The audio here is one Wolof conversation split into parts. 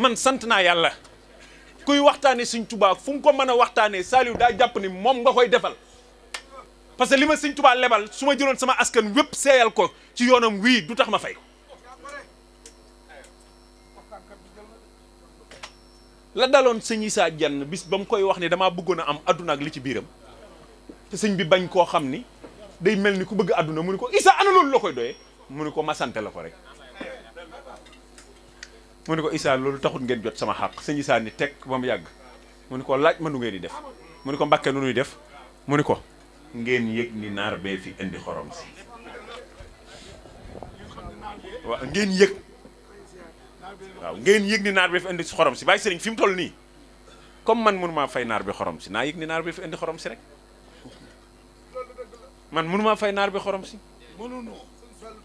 man sant naa yàlla kuy waxtaane Sëñ Tuubaa fu mu ko mën a waxtaanee Saliou daa jàpp ni moom nga koy defal parce que li ma Sëñ lebal su ma jëloon sama askan wépp seeyal ko ci yoonam wii du tax ma fay la daloon sëñ Issa Diagne bis ba mu koy wax ne damaa bëggoon a am àdduna ak li ci biiram te sëñ bi bañ koo xam ni day mel ni ku bëgg àdduna mu ni ko Issa ana loolu la koy doyee mu ni ko ma sante la ko rek mu ne ko Issa loolu taxut ngeen jot sama xàq sëñ Issa ni teg ba mu yàgg mu ne ko laaj mënu ngeen di def mu ne ko mbàkke nu nuy def mu ni ko ngeen yëg ni naar bee fi indi xorom si waaw ngeen yëg waaw ngeen yëg naar bee fi indi xorom si bàyyi sëriñ fi mu toll nii comme man maa fay naar bi xorom si naa yëg ni naar bee fi indi xorom si rek man mënumaa fay naar bi xorom si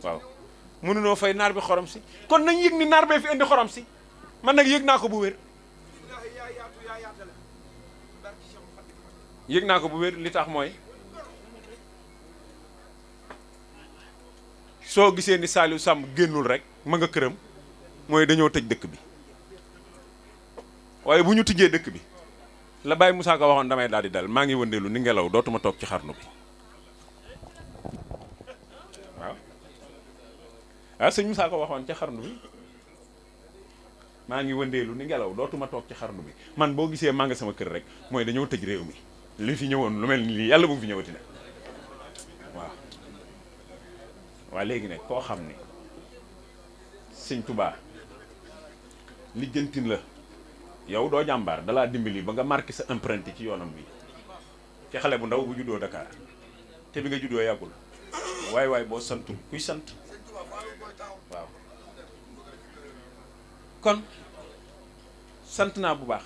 waaw mënunoo fay naar bi xorom si kon nañ yëg ni naar bee fi indi xorom si man nag yëg naa ko bu wér yëg naa ko bu wér li tax mooy soo gisee ni Saliou Samb génnul rek ma nga këram mooy dañoo tëj dëkk bi waaye bu ñu tijjee dëkk bi la Baye Moussa ko waxoon damay daal di dal maa ngi wëndeelu ni ngelaw dootuma toog ci xarnu bi ah sëñ Moussa ko waxoon ci xarnu bi maa ngi wëndeelu ni ngelaw dootuma toog ci xarnu bi man boo gisee maa nga sama kër rek mooy dañoo tëj réew mi li fi ñëwoon lu mel ni lii yàlla bu fi ñëwati nag waaw waaw léegi nag koo xam ni sëñ Touba lijjantin la yow doo jàmbaar dalaa dimbali ba nga marqué sa empreinte ci yoonam bi ci bu ndaw bu juddoo Dakar te bi nga juddoo yàggul waay waay boo santu kuy sant kon sant naa bu baax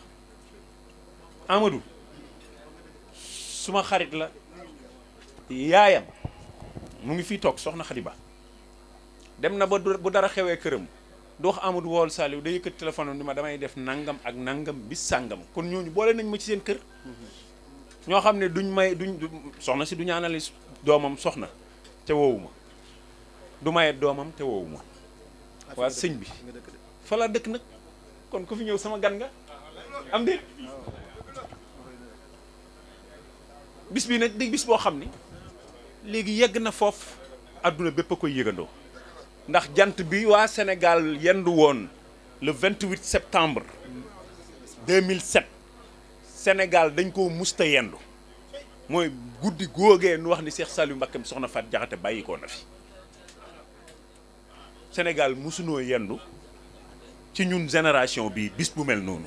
Amadou suma xarit la yaayam mu ngi fii toog soxna Xadiba dem na ba bu dara xewee këram du wax Amadou wool Saliou day yëkkati téléphone di ma damay def nangam ak nangam bi sàngam kon ñooñu boole nañ ma ci seen kër ñoo xam ne duñ may duñ soxna si duñu ñaanale doomam soxna te woowu du maye doomam te woowu ma waa sëñ bi fa laa dëkk nag kon ku fi ñëw sama gan nga am déet bis bi nag di bis boo xam ni léegi yegg na foofu adduna bépp a koy yëgandoo ndax jant bi waa senegal yendu woon le 28 septembre 2007 Sénégal dañ koo musta yendu mooy guddi góogee nu wax ni Cheikh Saliou Mbacké soxna Fat Diakhaté bàyyi ko na fi senegal musunoo yendu ci ñun génération bii bis bu mel noonu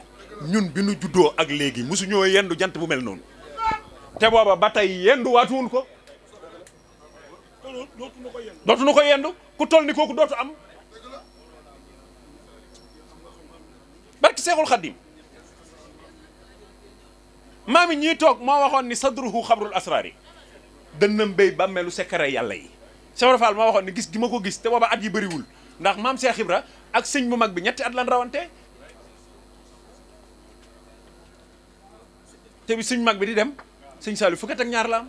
ñun bi nu juddoo ak léegi mosuñoo yendu jant bu mel noonu te booba ba tey yendu waatuwun ko dootu nu ko yendu ku toll ni kooku dootu am barki seexul xaddim maami ñii toog moo waxoon ni sadruhu xabrul asraari dënnam béy bàmmeelu sekkare yàlla yi Cheikh Fall moo waxoon ni gis gi ma ko gis te booba at yi bariwul ndax maam Cheikh Ibra ak sëñ bu mag bi ñetti at lan rawante te bi sëñ mag bi di dem sëñ Saliou fukki at ak ñaar la am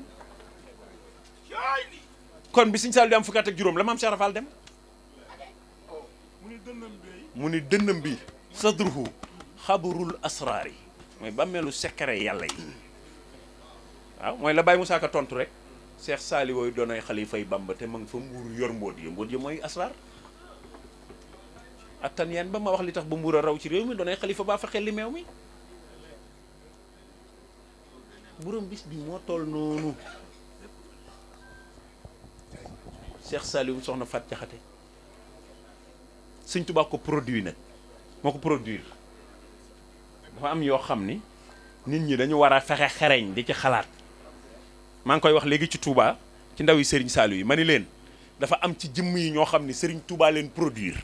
kon bi sëñ Saliou di am fukki ak juróom la maam Cheikh Rafal dem mu ni dënnam bi sadruhu xabarul asraar yi mooy bàmmeelu secret yàlla yi waaw mooy la Baye Moussa Ka tontu rek saali Saliou doonay xalifay Bamba te ma nga fa mbuur yor mbóot yi mbóot yi mooy asraar attan yan ba ma wax li tax ba mbuur a raw ci réew mi doonay xalifa baa fa xel meew mi borom bis bi moo toll noonu Cheikh Saliou soxna Fat Jaxate Sëñ Tuubaa ko produit nag moo ko produire dafa am yoo xam ni nit ñi dañu war a fexe xereñ di ci xalaat maa ngi koy wax léegi ci Touba ci ndaw yi Serigne Saliou yi ma ni leen dafa am ci jëmm yi ñoo xam ni sëriñ Touba leen produire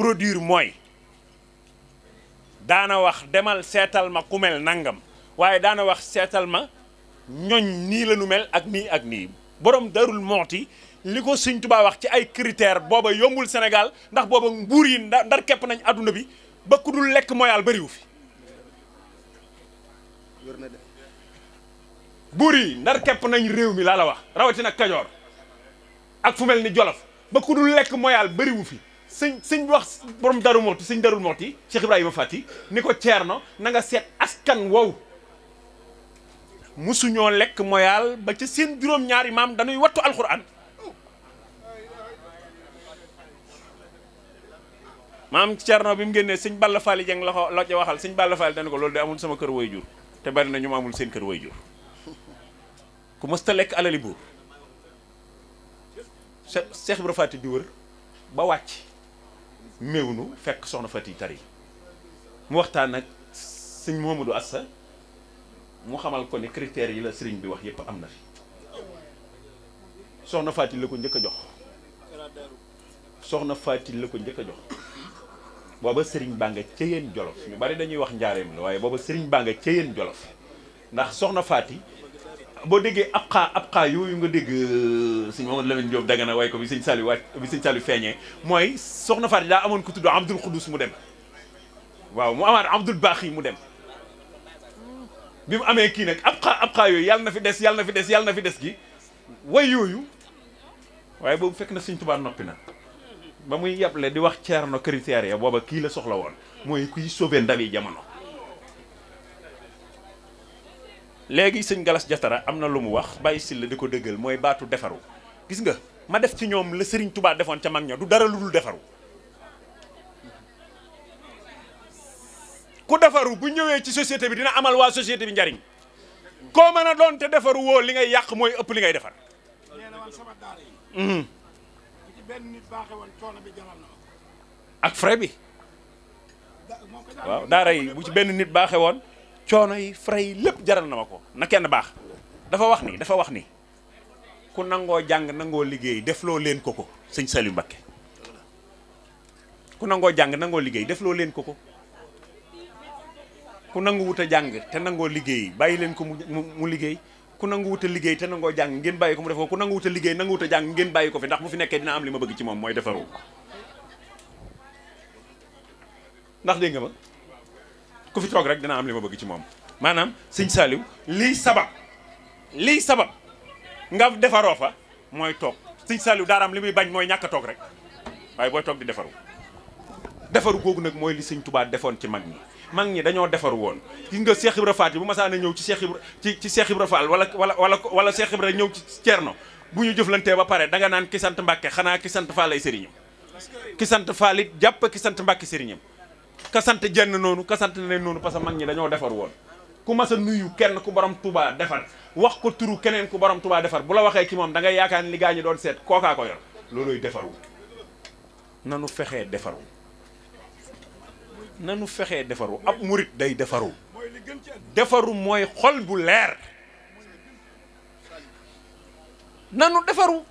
produire mooy daana wax demal seetal ma ku mel nangam waaye daana wax seetal ma ñoñ nii la mel ak nii ak nii borom darul mooti ni ko Sëñ Tuubaa wax ci ay critères booba yombul Sénégal ndax booba nguur yi ndar képp nañ àdduna bi ba ku dul lekk moyaal bariwu fi buur yi ndar kepp nañ réew mi laa la wax rawatina Kajoor ak fu mel ni Jolof ba ku dul lekk moyaal bariwu fi sëñ sëñ wax borom daru mooti sëñ darul mooti Cheikh Ibrahima Fati ni ko ceer na nga seet askan wow musuñoo lekk moyaal ba ca seen juróom-ñaari maam dañuy wattu alxuraan maam Ceerno bi mu génnee sëñ Balla Faali Jeng la ko la ca waxal sëñ Balla Faali dana ko loolu de amul sama kër way jur te bari na ñu amul seen kër way jur ku mësta lekk alali buur Cheikh Ibrahima Fati di wër ba wàcc meew méewnu fekk soxna Fati tari mu waxtaan nag sëñ Momadou Assa mu xamal ko ne critères yi la sëriñ bi wax yépp am na fi soxna Fati la ko njëkk a jox soxna Fati la ko njëkk a jox booba sëriñ baa nga cëyeen jolof ñu bari dañuy wax njaareem la waaye booba sëriñ baa nga cëyeen jolof ndax soxna Fati boo déggee ab xaa ab xaa yooyu nga dégg euh, sëñ Mamadou Lamine Diop Dagana waaye ko bi siñ Saliou wàcc bi sëñ Saliou feeñee mooy soxna Fatou daa amoon ku tudd Abdoul Khoudous mu dem waaw mu amaat Abdoul Baaxi mu dem bi mu amee kii nag ab xaa yooyu yàlla na fi des yàlla na fi des yàlla na fi des gi way yooyu waaye boobu fekk na sëñ Tuubaa noppi na ba muy yàble di wax Ceerno critères ya booba kii la soxla woon mooy kuy sauver ndabi jamono léegi sëñ Galas Jatara am na lu mu wax bàyyi si la di ko dëggal mooy baatu defaru gis nga ma def ci ñoom la sëriñ Touba defoon ca mag ña du dara lu dul defaru ku defaru bu ñëwee ci société bi dina amal waa société bi njariñ koo mën a doon te defaru woo li ngay yàq mooy ëpp li ngay defar mhm. ak frais bi waaw daara yi bu ci benn nit baaxe woon coono yi frais lépp jaral na ma ko na kenn baax dafa wax ni dafa wax ni ku nangoo jàng nangoo liggéey defloo leen ko ko sëñ Saliou Mbacké ku nangoo jàng nangoo liggéey defloo leen ko ko ku nangu wut a jàng te nangoo liggéey bàyyi leen ko mu mu liggéey ku nangu wut a liggéey te nangoo jàng ngeen bàyyi ko mu def ko ku nangu wut a liggéey nangu wut a jàng ngeen bàyyi ko fi ndax bu fi nekkee dina am li ma bëgg ci moom mooy defaru ndax dégg ku toog rek dina am li ma bëgg ci moom maanaam sëñ Saliou lii sabab lii sabab nga defaroo fa mooy toog sëñ Saliou daaraam li muy bañ mooy ñàkk toog rek waaye booy toog di defaru defaru googu nag mooy li sëñ Touba defoon ci mag ñi mag ñi dañoo defaru woon gis nga Cheikh Ibra Faat yi bu masaana ñëw ci Cheikh Ibra ci ci Cheikh Ibra Fall wala wala wala wala Cheikh Ibra ñëw ci Thierno bu ñu jëflantee ba pare danga naan ki sant Mbàkke xanaa ki sant Fall ay sëriñam ki sant Fall it jàpp ki sant Mbàkke sëriñam ka sant jenn noonu ka sant ne noonu parce que mag ñi dañoo defar woon ku mas a nuyu kenn ku borom tubaa defar wax ko turu keneen ku borom tubaa defar bu la waxee ki moom da ngay yaakaar ni li gaa ñi doon seet kookaa ko yor looloy defaru nanu fexee defaru nanu fexee defaru ab murit day defaru defaru mooy xol bu leer nanu defaru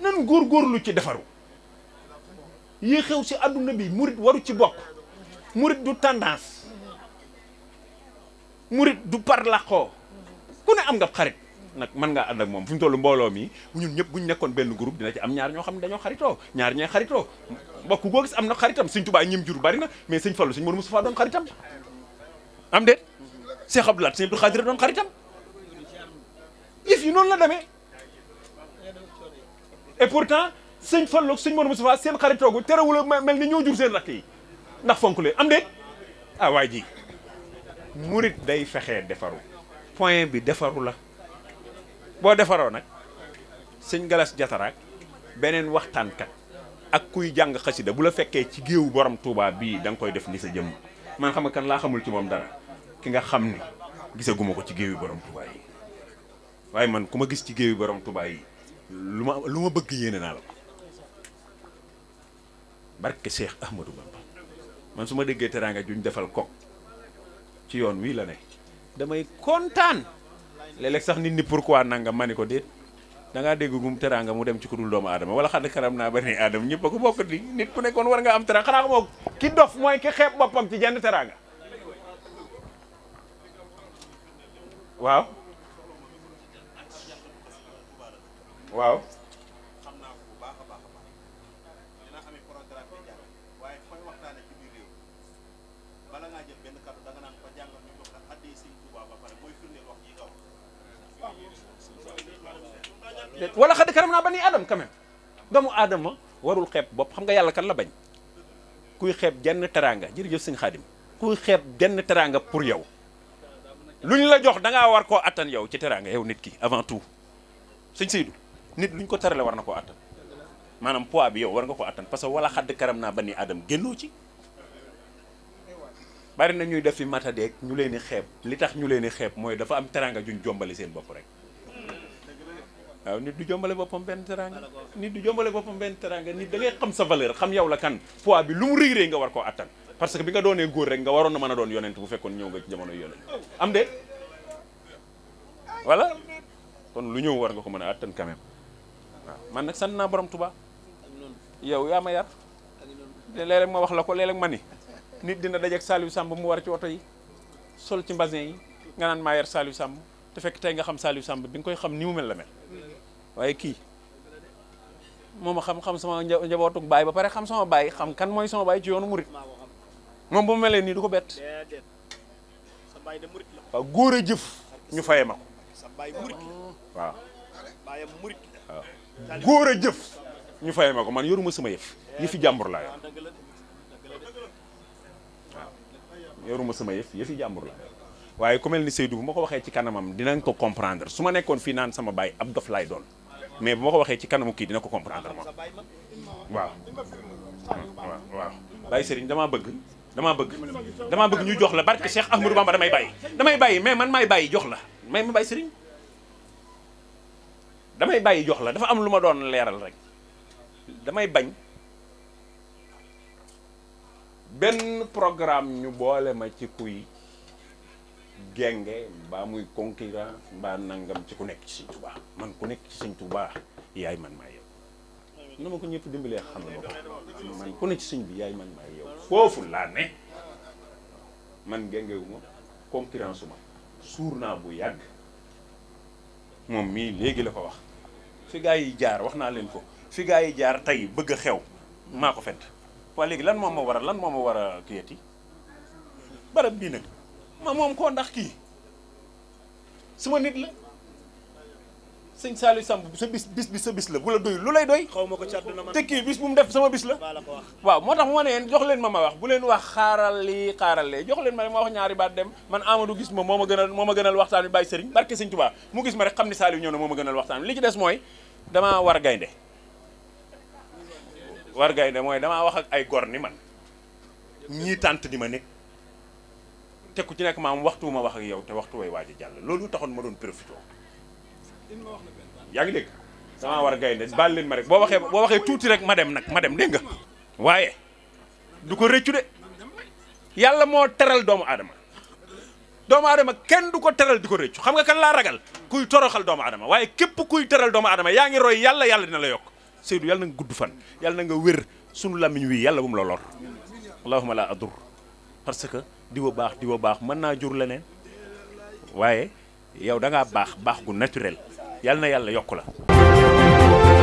nan góorgóorlu ci defaru yi xew si àdduna bi murit waru ci bokk murit du tendance murit du parlaxoo ku ne am nga xarit nag man nga ànd ak moom fu ñu tollu mbooloo mi ñun ñëpp bu ñu nekkoon benn groupe dina ci am ñaar ñoo xam ne dañoo xaritoo ñaar ñee xaritoo mbokk goo gis am na xaritam sëñ Tuubaa ñim jur bari na mais sëñ Fallu sëñ Moodu Mustafaa doon xaritam am déet Seex Abdu Laat sëñ Abdu doon xaritam yëf yi noonu la demee et pourtant sëñ Fallu ak sëñ Moodu Mustafaa seen xaritoogu terewul mel ni ñoo jur seen rakk yi ndax fonk leen am déet ah waa ji murit day fexee defaru point bi defaru la boo defaroo nag sëñ Galas Jataraak beneen waxtaankat ak kuy jàng xasida bu la fekkee ci géewu borom Touba bii da koy def ni sa jëmm man xam nga kan laa xamul ci moom dara ki nga xam ni gisaguma ko ci géewu borom Touba yi waaye man ku ma gis ci géewu borom Touba yi lu ma lu ma bëgg yéene naa la ko barke Cheikh Ahmadou Bamba man su ma déggee teraanga juñ defal kok ci yoon wii la ne damay kontaan léeg-léeg sax nit ñi pourquoi nanga ma ni ko déet da ngaa dégg gum teraanga mu dem ci ku dul doomu aadama wala xanaa karam naa ba ni aadama ñëpp a ko bokk di nit ku nekkoon war nga am teraanga xanaa ki dof mooy ki xeeb boppam ci jenn waaw waaw bala ngaa jël benn kàddu ba pare mooy firndeel wax karam naa ba nii adam quand doomu aadama warul xeeb bopp xam nga yàlla kan la bañ kuy xeeb jenn teraanga jërëjëf sëñ Xaadim kuy xeeb jenn teraanga pour yow ñu la jox da ngaa war ko attan yow ci teraanga yow nit ki avant tout sëñ Seydou nit luñ ko terale war na ko attan maanaam poids bi yow war nga ko attan parce que wala xadd karam naa ba ni adam génnoo ci bari na ñuy def fi matadeeg ñu leen di xeeb li tax ñu leen di xeeb mooy dafa am teranga juñ jombale seen bopp rek waaw nit du jombale boppam benn teranga nit du jombale boppam benn teranga nit da ngay xam sa valeur xam yow la kan poids bi lu mu réy nga war koo attan parce que bi nga doonee góor rek nga waroon na mën a doon yonent bu fekkoon ñëw nga ci jamono yonent am de voilà kon lu ñëw war nga ko mën a attan quand man nag sant naa borom Tuubaa yow yaa ma yar léeg ma wax la ko léeg ma ni nit dina dajeeg Saliou Samb mu war ci oto yi sol ci mbasin yi nga naan maa yar Saliou Samb te fekk tey nga xam Saliou Samb bi nga koy xam ni mu mel la mel waaye kii moom a xam xam sama njabootuk baay ba pare xam sama baay xam kan mooy sama baay ci yoonu murit moom bu mu melee nii du ko bett waaw góor a jëf ñu faye ma ko waaw góor a jëf ñu faye ma ko man yoruma sama yëf yëfi jàmbur laa yor ah, yoruma sama yëf yëfi jàmbur la waaye ku mel ni Seydou bu ma ko waxee ci kanamam dinañ ko comprendre su ma nekkoon fii naan sama baay ab dof laay doon mais bu ma ko waxee ci kanamu kii dina ko comprendre moom waaw waaw waaw Baye Serigne damaa bëgg damaa bëgg damaa bëgg ñu jox la barke Cheikh Ahmadou Bamba damay bàyyi damay bàyyi mais man maay bàyyi jox la mais ma Baye Serigne damay bàyyi jox la dafa am lu ma doon leeral rek damay bañ benn programme ñu boole ma ci kuy genge mbaa muy concurrent mbaa nangam ci ku nekk ci Sëñ Tuubaa man ku nekk ci Sëñ Tuubaa yaay man maa yow na ma ko ñëpp dimbalee xam na ko man ku ne ci sëñ bi yaay man maa yow foofu laa ne man genge wu ma concurrence suur naa bu yàgg moom mii léegi la ko wax fi yi jaar wax naa leen ko fi yi jaar tey bëgg a xew maa ko fent waa lan moom ma war a lan moom ma war a kiyati barab bii nag ma moom koo ndax kii su ma nit la sëñ Saliou Samb sa bis bis bi sa bis la bu la doy lu lay doy. te kii bis bu mu def sama bis la. waaw moo tax mu ne jox leen ma ma wax bu leen wax xaaral lii xaaral lee jox leen ma ma wax ñaari baat dem man Amadou gis ma moo ma gënal moo ma gënal waxtaan wi bàyyi sëriñ barke sëñ Tuubaa mu gis ma rek xam ni Saliou ñëw na moo ma gënal waxtaan li ci des mooy damaa war a war gaynde mooy damaa wax ak ay gor ni man ñii tànt di ma nekk te ci nekk maam waxtu ma wax ak yow te waxtu way waaj a jàll loolu taxoon ma doon profité yaa ngi dégg damaa war gaynde baal leen ma rek boo waxee boo waxee tuuti rek ma dem nag ma dem dégg nga waaye du ko rëccu de yàlla moo teral doomu aadama doomu aadama kenn du ko teral di ko rëccu xam nga kan laa ragal kuy toroxal doomu aadama waaye képp kuy teral doomu aadama yaa ngi roy yàlla yàlla dina yokk Seydou yàlla na nga gudd fan yàlla na nga wér sunu làmmiñ wi yàlla bu mu la lor allahuma la adur parce que di ba baax di ba baax mën naa jur leneen waaye yow da baax baax gu naturel yàlla na yàlla yokk la